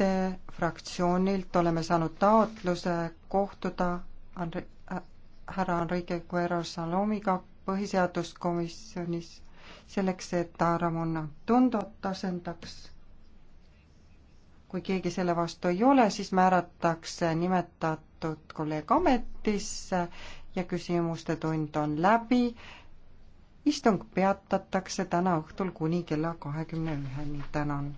Alde fraktsioonilt oleme saanud taotluse kohtuda Andri, äh, härra Enrique Guerrero Salomiga põhiseaduskomisjonis selleks, et ta Ramona Tundot asendaks. kui keegi selle vastu ei ole, siis määratakse nimetatud kolleeg ametisse ja küsimuste tund on läbi. istung peatatakse täna õhtul kuni kella kahekümne üheni. tänan.